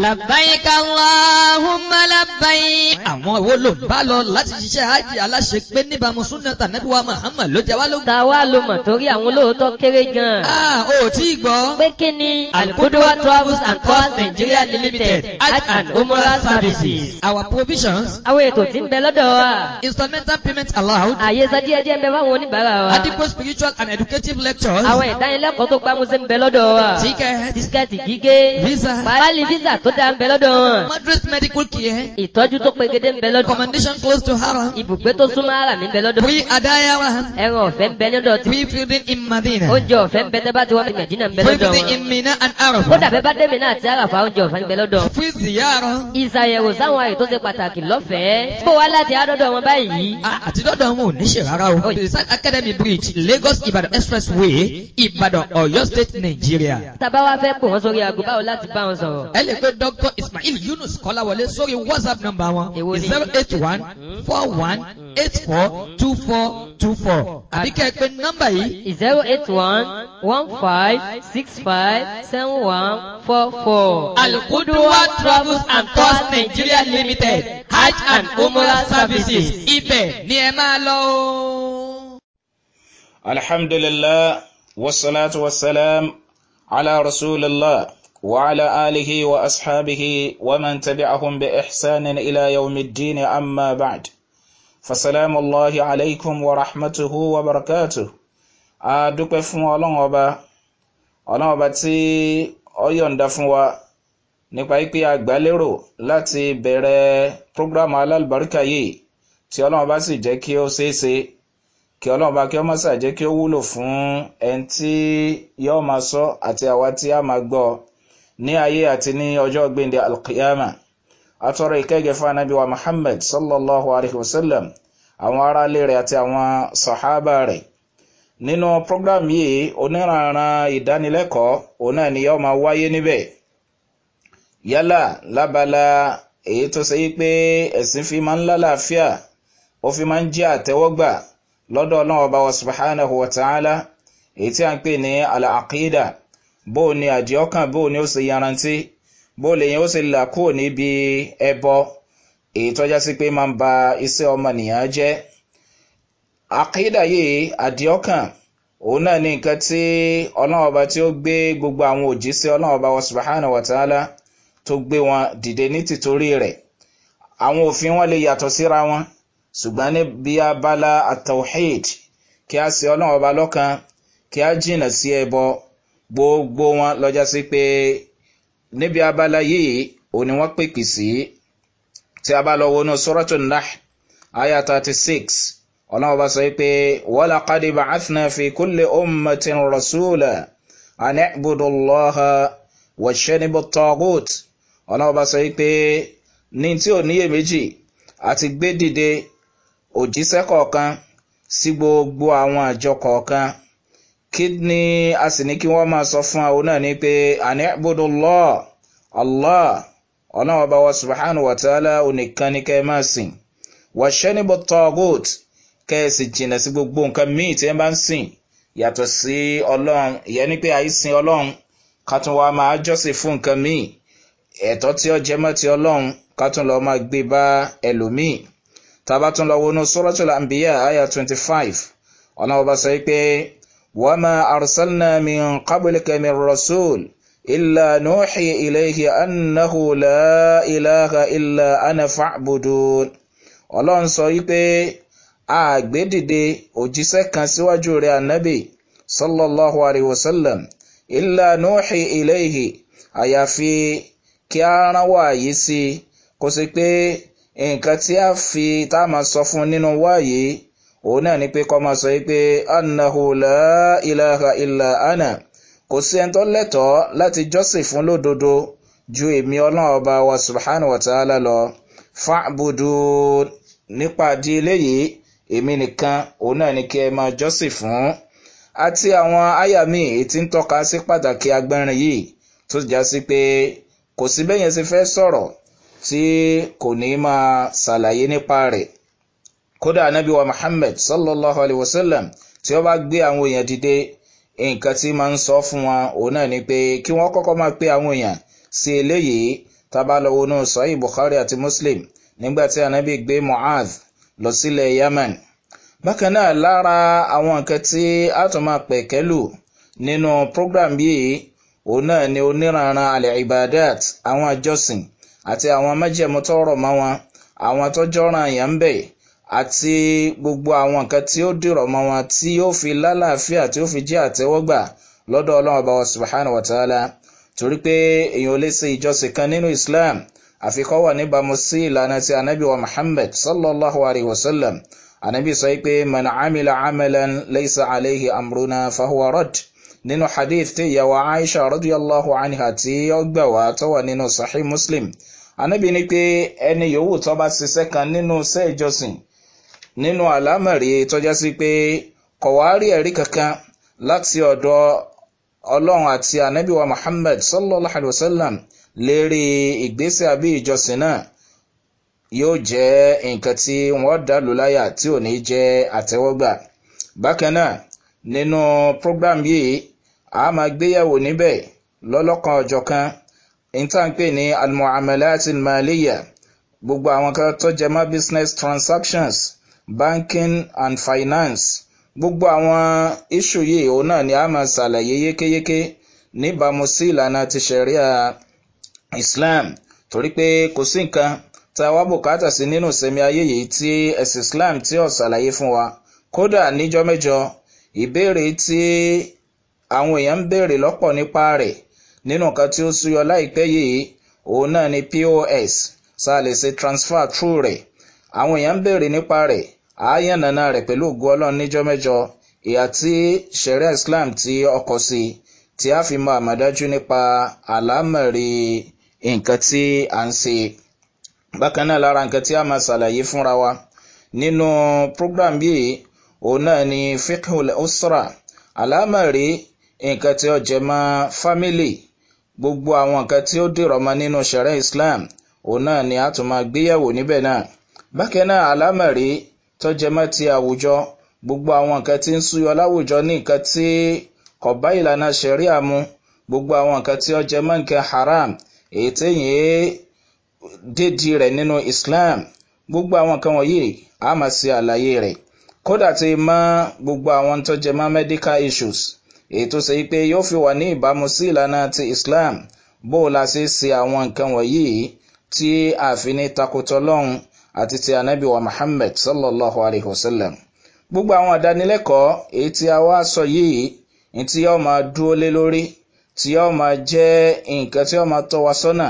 لبيك اللهم لبيك àwọn wo ló bá lọ láti ṣiṣẹ́ hajj aláṣẹ pé níbàámu súnà tànàbí wa Muhammad ló jẹ wá lógún. tàwa ló mọ̀ torí àwọn olóòótọ́ kéré gan-an. a ò tí ì gbọ́. pé kí ni Al-Qudwa Travels and Tours Nigeria Limited hajj and umrah services. our provisions. àwọn ètò tí ń bẹ lọ́dọ̀ wa. instrumental payment allowed. àyè sadíẹ díẹ̀ ń bẹ fáwọn oníbàárà wa. adigun spiritual and educative lectures. àwọn ìdánilẹ́kọ̀ọ́ tó gbámúsẹ́ ń bẹ lọ́dọ̀ wa. tíkẹ́ tíkẹ́ tì tó dáa ń bẹ lọ́dọ̀ wọn. Madras medical care. ìtọ́jú tó pegede ń bẹ lọ́dọ̀. commendation close to haram. ibùgbé tó súnmọ́ ara mi ń bẹ lọ́dọ̀. free adayawa. ẹran ọ̀fẹ́ ń bẹ lọ́dọ̀ tí. free feeding in Madina. oúnjẹ ọ̀fẹ́ ń bẹ tẹ́ bá ti wá ní Medina ń bẹ lọ́dọ̀ wọn. free feeding in Mina and Arafa. kódà bẹ́ẹ̀ bá dé Mina àti Arafa oúnjẹ ọ̀fẹ́ ń bẹ lọ́dọ̀. free ziyara. ìsàyẹ̀wò sáwọn àyè tó ṣe pàtàkì lọ́fẹ̀ẹ́. bó wá láti Dr. Ismail Yunus Kọ́láwọlé sórí WhatsApp number wọn zero eight one four one eight four two four two four àbí kẹ́ ẹ pé nọ́mbà yìí. zero eight one one five six five seven one four four. Alukuduwa Travels and Tours Nigeria Limited Hajj and Umrah Services ibẹ̀ ni ẹ máa lọ o. Alhamdulillah wasalaatu wasalaam ala rasulillah. وعلى آله وأصحابه ومن تبعهم بإحسان إلى يوم الدين أما بعد فسلام الله عليكم ورحمته وبركاته adúpẹ́ fún ọlọ́run ọba ọlọ́run ọba tí ọ yọ̀ǹda nípa pípé àgbálérò láti bẹ̀rẹ̀ prógrámù alálùbáríkà yìí tí ọlọ́run ọba sì jẹ́ kí ó ṣeé kí ọlọ́run bá kí ọmọ sà jẹ́ kí ó wúlò fún ẹni tí yọ́ máa sọ àti àwa tí a máa gbọ́ ní ayé àti ní ọjọ́ gbíndé alkiyama atọ́rọ ìkẹ́gẹ́ fún anábí wa muhammad sallallahu alaihi wasallam àwọn ará ilé rẹ̀ àti àwọn sàhábà rẹ̀ nínú program yìí oníranran ìdánilẹ́kọ̀ọ́ òun náà ni yóò máa wáyé níbẹ̀ yálà lábala èyí tó ṣe pé ẹ̀sìn fi máa ń lálàáfíà ó fi máa ń jẹ́ àtẹ́wọ́gbà lọ́dọ̀ ọlọ́run ọba wa subhanahu wa ta'ala èyí tí a ń pè ní al bó ni àdíọ́kàn bó ni ó ṣe yarantí bó lèyìn ó ṣe là kúrò níbi ẹbọ èyí tọ́já pé máa ń ba iṣẹ́ ọmọnìyàn jẹ́ àkídà òun náà ní nǹkan tí ọlọ́run tí ó gbé gbogbo àwọn òjíṣẹ́ ọlọ́run ọba subahana tó gbé wọn dìde ní tìtorí rẹ̀ àwọn òfin wọn lè yàtọ̀ síra wọn ṣùgbọ́n abala kí a ṣe ọlọ́run ọba lọ́kan kí a jìnnà gbogbo wọn lọ́jà sí pé níbi abala yìí òun ni wọ́n pèkì sí tí a bá lọ wọnú sọ́rọ́tò náà aya thirty six ọlọ́run bá sọ pé wọ́lá kádé bá àfihàn fi kúlẹ̀ ọmọtin rasúlẹ̀ àní ibùdókòlọ́ha wọ̀ṣẹ́ tọ́gùt ọlọ́run bá sọ pé ní tí ò níyèméjì àti gbé dìde òjíṣẹ́ kọ̀ọ̀kan sí gbogbo àwọn àjọ kọ̀ọ̀kan. Kidney ni a sì ní kí wọ́n máa sọ fún àwọn náà ni pé àní àbúdó Allah Allah ọ̀nà ọba wa subhanahu wa ta'ala onìkan ní kẹ́ẹ̀ máa sìn wà ṣẹ́nibọ̀ tọ́gùt kẹ́ẹ̀sì jìnà sí gbogbo nǹkan míì tí ẹ bá ń sìn yàtọ̀ sí ọlọ́run ìyẹn ni pé àìsìn ọlọ́run ká tún wá máa jọ́sìn fún nǹkan míì ẹ̀tọ́ tí ó jẹ mọ́ ti ọlọ́run ká tún máa gbé bá ẹlòmíì tá a bá tún àyà twenty five ọ̀nà ọba sọ pé وما أرسلنا من قبلك من رسول إلا نوحي إليه أنه لا إله إلا أنا فاعبدون ọlọ́run sọ wípé àgbédìde òjíṣẹ́ kan síwájú rẹ̀ ànábì sallallahu alayhi wa sallam ilà nuuxi ilayhi àyàfi kí a rán wáyé sí i kó sì pé nǹkan tí a fi tá a máa sọ fún nínú wáyé òun náà ni pé kó máa sọ pé annahu ilaha illa ana kò sí ẹni tó lẹ́tọ̀ọ́ láti jọ́sìn fún lódodo ju èmi ọlọ́run ọba wa subhanahu wa ta'ala lọ fa'budu nípa di eléyìí èmi nìkan òun náà ni kí ẹ máa jọ́sìn fún àti àwọn àyà míì èyí tí ń tọ́ka sí pàtàkì agbẹ́rin yìí tó já sí pé kò sí bẹ́yẹn ṣe fẹ́ sọ̀rọ̀ tí kò ní máa ṣàlàyé nípa rẹ̀ kódà anabi wa muhammed sallallahu alayhi wa sallam tí ó bá gbé àwọn èèyàn dìde nǹkan tí máa ń sọ fún wọn òun náà ni pé kí wọ́n kọ́kọ́ máa pe àwọn èèyàn sí eléyìí tábàlọ́wọ́ náà sọ́yìn bukhari àti muslim nígbà tí anábì gbé mu'adh lọ sílẹ̀ yemen bákan náà lára àwọn nǹkan tí a tún máa pẹ̀ kẹ́lù nínú program yìí òun náà ni oníranran alẹ́ ibadat àwọn àjọsìn àti àwọn májẹ̀mú tọrọ mọ́ wọn àwọn tọjọ́ràn yẹn ń bẹ̀ẹ́ àti gbogbo àwọn nǹkan tí ó dìrọ̀ mọ́ wọn tí yóò fi lálàáfíà tí ó fi jẹ́ àtẹ́wọ́gbà lọ́dọ̀ ọlọ́run ọba wa subhanahu wa ta'ala torí pé èèyàn ò lè ṣe ìjọsìn kan nínú islam àfikọ́ wà níbàámu sí ìlànà ti anabi wa muhammed sallallahu alayhi wa sallam anabi sọ pé man amila amalan laysa alayhi amruna fahuwa nínú hadith tí ìyàwó aisha radiyallahu anha tí ó wá tó wà nínú sahih muslim anabi ni pé ẹni yòówù tó bá ṣiṣẹ́ kan nínú iṣẹ́ nínú àlámọ̀rí tọ́já sí pé kò wá rí ẹ̀rí kankan láti ọ̀dọ̀ ọlọ́run àti ànábìwá muhammad sallallahu alayhi wa sallam lérí ìgbésẹ̀ àbí ìjọsìn náà yóò jẹ́ nǹkan tí wọ́n dá lù láyà tí ò ní jẹ́ àtẹ́wọ́gbà bákan náà nínú program yìí a máa gbéyàwó níbẹ̀ lọ́lọ́kan ọ̀jọ̀kan ìtànpé ní almuhammed latin maliya gbogbo àwọn kan tó jẹ mọ́ business transactions banking and finance gbogbo àwọn iṣu yìí òun náà ni a máa ṣàlàyé yékéyéké níbàámu sí ìlànà ti sharia islam torí pé kò sí nǹkan tá a wá bùkátà sí nínú ìsinmi ayé yìí tí ẹ̀sìn islam tí ò ṣàlàyé fún wa kódà níjọ́ mẹ́jọ ìbéèrè tí àwọn èèyàn ń béèrè lọ́pọ̀ nípa rẹ̀ nínú nǹkan tí ó súyọ láìpẹ́ yìí òun náà ni pos sá lè ṣe transfer through rẹ̀ àwọn èèyàn ń béèrè nípa rẹ̀ a yànnàná rẹ̀ pẹ̀lú ògo ọlọ́run níjọ́ mẹ́jọ ìhà tí sharia islam tí ọkọ̀ sí tí a fi mọ àmọ̀dájú nípa àlámọ̀rí nǹkan tí a ń ṣe bákan náà lára nǹkan tí a máa ṣàlàyé fúnra wa nínú program yìí òun náà ni fikhul usra àlámọ̀rí nǹkan tí ó jẹ family gbogbo àwọn nǹkan tí ó dèrò ọmọ nínú sharia islam òun náà ni a tún máa gbéyàwó níbẹ̀ náà bákan náà àlámọ̀rí tó jẹmọ́ ti àwùjọ, gbogbo àwọn nǹkan tí ń súyọ láwùjọ ní nǹkan tí kò bá ìlànà ṣẹ̀ríà mu, gbogbo àwọn nǹkan tí ó jẹmọ́ nǹkan haram, èyí tí èyàn dédi rẹ̀ nínú Islam, gbogbo àwọn nǹkan wọ̀nyí a máa ṣe àlàyé rẹ̀. Kódà ti mọ gbogbo àwọn tó jẹmọ́ medical issues, èyí tó ṣe pé yóò fi wà ní ìbámu sí ìlànà ti Islam, bó la ṣe ṣe àwọn nǹkan wọ̀nyí tí a fi ní takotọ́ lọ́hùn àti ti anabi wa muhammed sallallahu alayhi wa sallam gbogbo àwọn àdánilẹ́kọ̀ọ́ èyí tí a wá sọ yìí ní tí yóò máa dúró lé lórí tí yóò máa jẹ́ nǹkan tí yóò máa tọ́ wa sọ́nà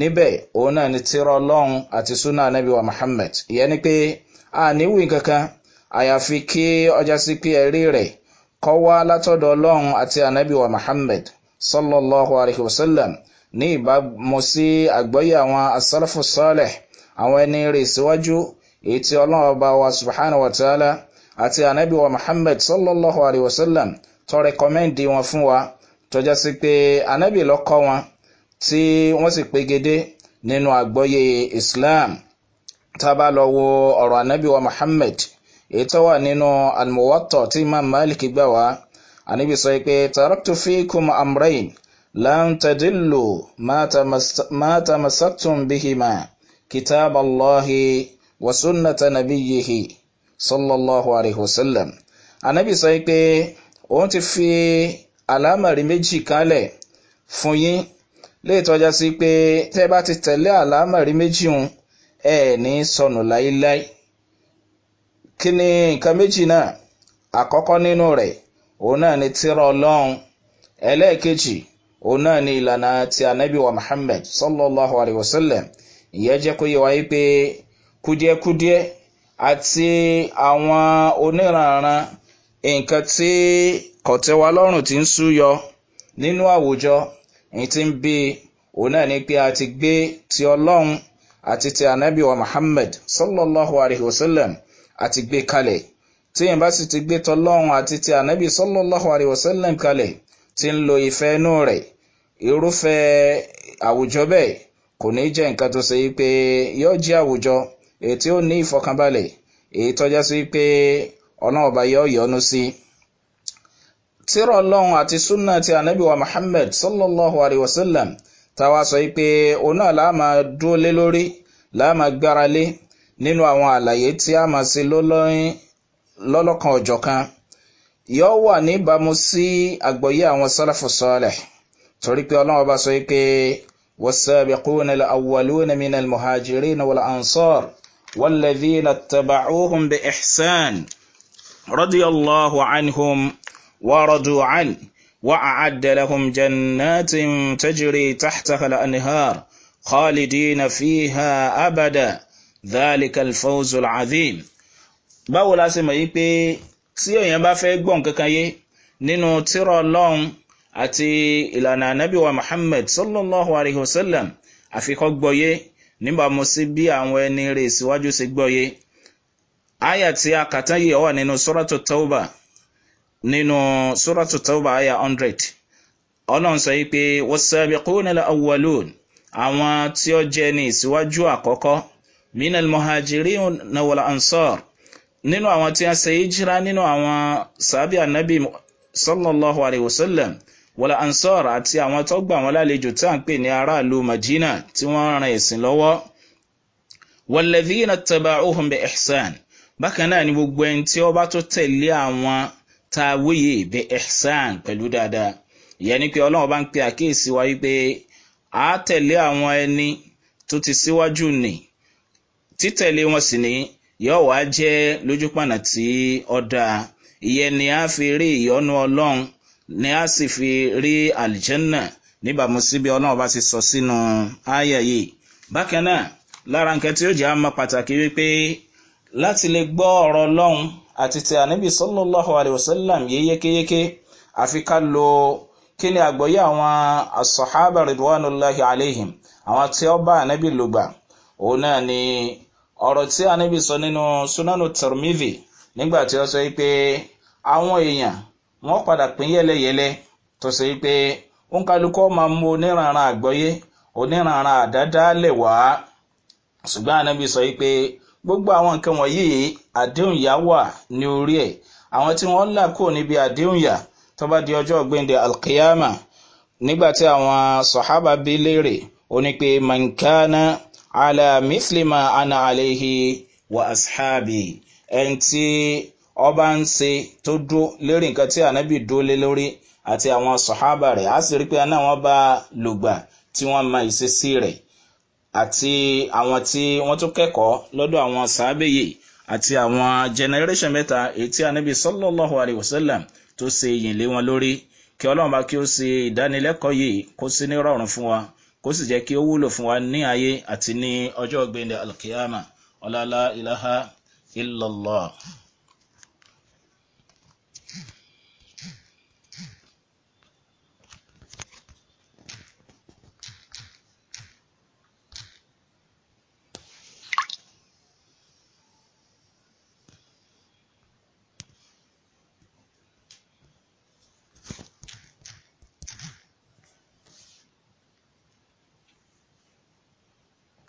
níbẹ̀ òun náà ni tírọ ọlọ́run àti súnà anabi wa muhammed ìyẹn ni pé a níwì kankan àyàfi kí ọjà sí pé ẹ̀rí rẹ̀ kọ́ wá látọ̀dọ̀ ọlọ́run àti anabi wa muhammed sallallahu alayhi wa sallam ní ìbámu sí àgbọ́yé àwọn asálàfù sọ́ọ̀lẹ̀ àwọn ẹni rè síwájú èyí tí ọlọ́run ọba wa subhanahu wa ta'ala àti anabi wa muhammed sallallahu alayhi wa sallam tó rẹkọmẹ́ndì wọn fún wa tọ́já sí pé anabi lọ kọ́ wọn tí wọ́n sì pegedé nínú àgbọ́yé islam tá a bá lọ wo ọ̀rọ̀ anabi wa muhammed èyí tó wà nínú almuwatọ̀ tí imam malik gbà wá anabi sọ pé taraktu fiikum amrain lan tadillu ma tamassaktum Ma كتاب الله وسنة نبيه صلى الله عليه وسلم anabi sọ أنت في ti fi كالي فوين kalẹ̀ fún yín léètọ́já sí pé tẹ́ bá ti tẹ̀lé àlámàrí méjì hun ẹ ní sọnù láíláí kí ni nǹkan méjì náà àkọ́kọ́ nínú rẹ̀ òun náà ni tírà ọlọ́run ẹlẹ́ẹ̀kejì òun náà ni ìlànà ti anabi muhammed sallallahu alayhi wa sallam ìyẹn jẹ́ kó yẹ wáyé pé kúdíẹ̀kúdíẹ̀ àti àwọn oníranran nǹkan tí kọ̀tẹ́wa lọ́rùn ti ń súyọ nínú àwùjọ èyí tí ń bí òun náà ni pé a ti gbé ti ọlọ́run àti ti anabi wa muhammed sallallahu alayhi wa sallam àti gbé kalẹ̀ tí yẹn bá sì ti gbé tọlọ́run àti ti anabi sallallahu alayhi wa sallam kalẹ̀ ti ń lo ìfẹ́ inú rẹ̀ irúfẹ́ àwùjọ bẹ́ẹ̀ kò ní jẹ́ nǹkan tó ṣe pé yóò jẹ́ àwùjọ èyí tí ó ní ìfọkànbalẹ̀ èyí tọ́já sí pé ọlọ́run yóò yọ́nú sí tírọ̀ ọlọ́run àti súnà ti ànábì wa muhammed sallallahu alayhi wa sallam táwa sọ pé òun náà láà máa dúró lé lórí láà máa gbára lé nínú àwọn àlàyé tí a máa ṣe lọ́lọ́rin lọ́lọ́kan ọ̀jọ̀kan yóò wà níbàámu sí àgbọ̀yé àwọn sálàfù torí pé ọlọ́run ọba sọ pé والسابقون الأولون من المهاجرين والأنصار والذين اتبعوهم بإحسان رضي الله عنهم ورضوا عنه وأعد لهم جنات تجري تحتها الأنهار خالدين فيها أبدا ذلك الفوز العظيم báwo la ṣe mọ̀ yí pé tí èèyàn bá fẹ́ àti ìlànà ànábì wa muhammed sallallahu alayhi wa sallam àfikọ́ gbọ́yé níbàámu sí bí àwọn ẹni rẹ̀ síwájú sí gbọ́yé àyà tí a kàtá yìí wà nínú sóràtò tauba nínú sóràtò tauba àyà 100 ọlọ́run sọ wípé wọ́sàbí kúnilá awolowon àwọn tí ó jẹ́ ní ìsíwájú àkọ́kọ́ minal muhajiri nawala ansar nínú àwọn tí a ṣe yíjíra nínú àwọn sàbí ànábì sallallahu alayhi wa sallam wọ́lá ansar àti àwọn tó gbà wọ́n lálejò tá à ń pè ní aráàlú madina tí wọ́n ran ẹ̀sìn lọ́wọ́ wọ́lẹ̀dínà tẹ̀bà ohun bẹ ẹ̀sán bákan náà ni gbogbo ẹni tí ó bá tó tẹ̀lé àwọn tá a wéyè bẹ ẹ̀sán pẹ̀lú dáadáa ìyẹn ni pé ọlọ́run bá ń pe àkíyèsí wa wípé a tẹ̀lé àwọn ẹni tó ti síwájú nì títẹ̀lé wọn sì ní yóò wá jẹ́ lójúpọ̀nà tí ọ̀dà ni a sì fi rí àlìjẹ́nà níbàámu sí bí ọlọ́run bá ti sọ sínú ayẹ̀ yìí bákan náà lára nǹkan tí ó jẹ́ àmọ́ pàtàkì wípé láti lè gbọ́ ọ̀rọ̀ ọlọ́run àti ti ànábì sọ́lọ́láhu alayhiṣẹ́lẹ̀m yé yékéyéké àfi ká lo kí ni àgbọ̀yé àwọn asọ̀hábà ridwanullahi alayhim àwọn tí ó bá ànábì lùgbà òun náà ni ọ̀rọ̀ tí ànábì sọ nínú sunanu tirmidhi nígbà tí ó sọ pé àwọn èèyàn wọn padà pín yẹ́lẹyẹ̀lẹ tó ṣe pé òǹkálukọ́ máa mú oníranran àgbọ́yé oníranran àdádálẹ̀ wá ṣùgbọ́n ànábì sọ pé gbogbo àwọn nǹkan awọn àdéhùn yá wà ní orí ẹ̀ àwọn tí wọ́n là kúrò níbi àdéhùn yá tó bá di ọjọ́ gbẹ̀ndẹ̀ alkiyama nígbà tí àwọn sọ̀hábà bí léèrè ó ní pé mankana ala mislima ana alehi wa ashabi ọba ń ṣe tó dúró lérí nǹkan tí ànábì dúró lé lórí àti àwọn sọ̀hábà rẹ̀ á sì rí pé náà wọ́n bá lògbà tí wọ́n mọ ìṣesí rẹ̀ àti àwọn tí wọ́n tún kẹ́kọ̀ọ́ lọ́dọ̀ àwọn sàábẹ̀ àti àwọn generation mẹ́ta èyí tí ànábì sallallahu alayhi wa sallam tó ṣe ìyìn lé wọn lórí kí ọlọ́run bá kí ó ṣe ìdánilẹ́kọ̀ọ́ yìí kó sí ní rọrùn fún wa kó sì jẹ́ kí ó wúlò fún wa ní ayé àti ní ọjọ́ ọ̀gbìn alkiyama ọlọ́lá ilaha illallah.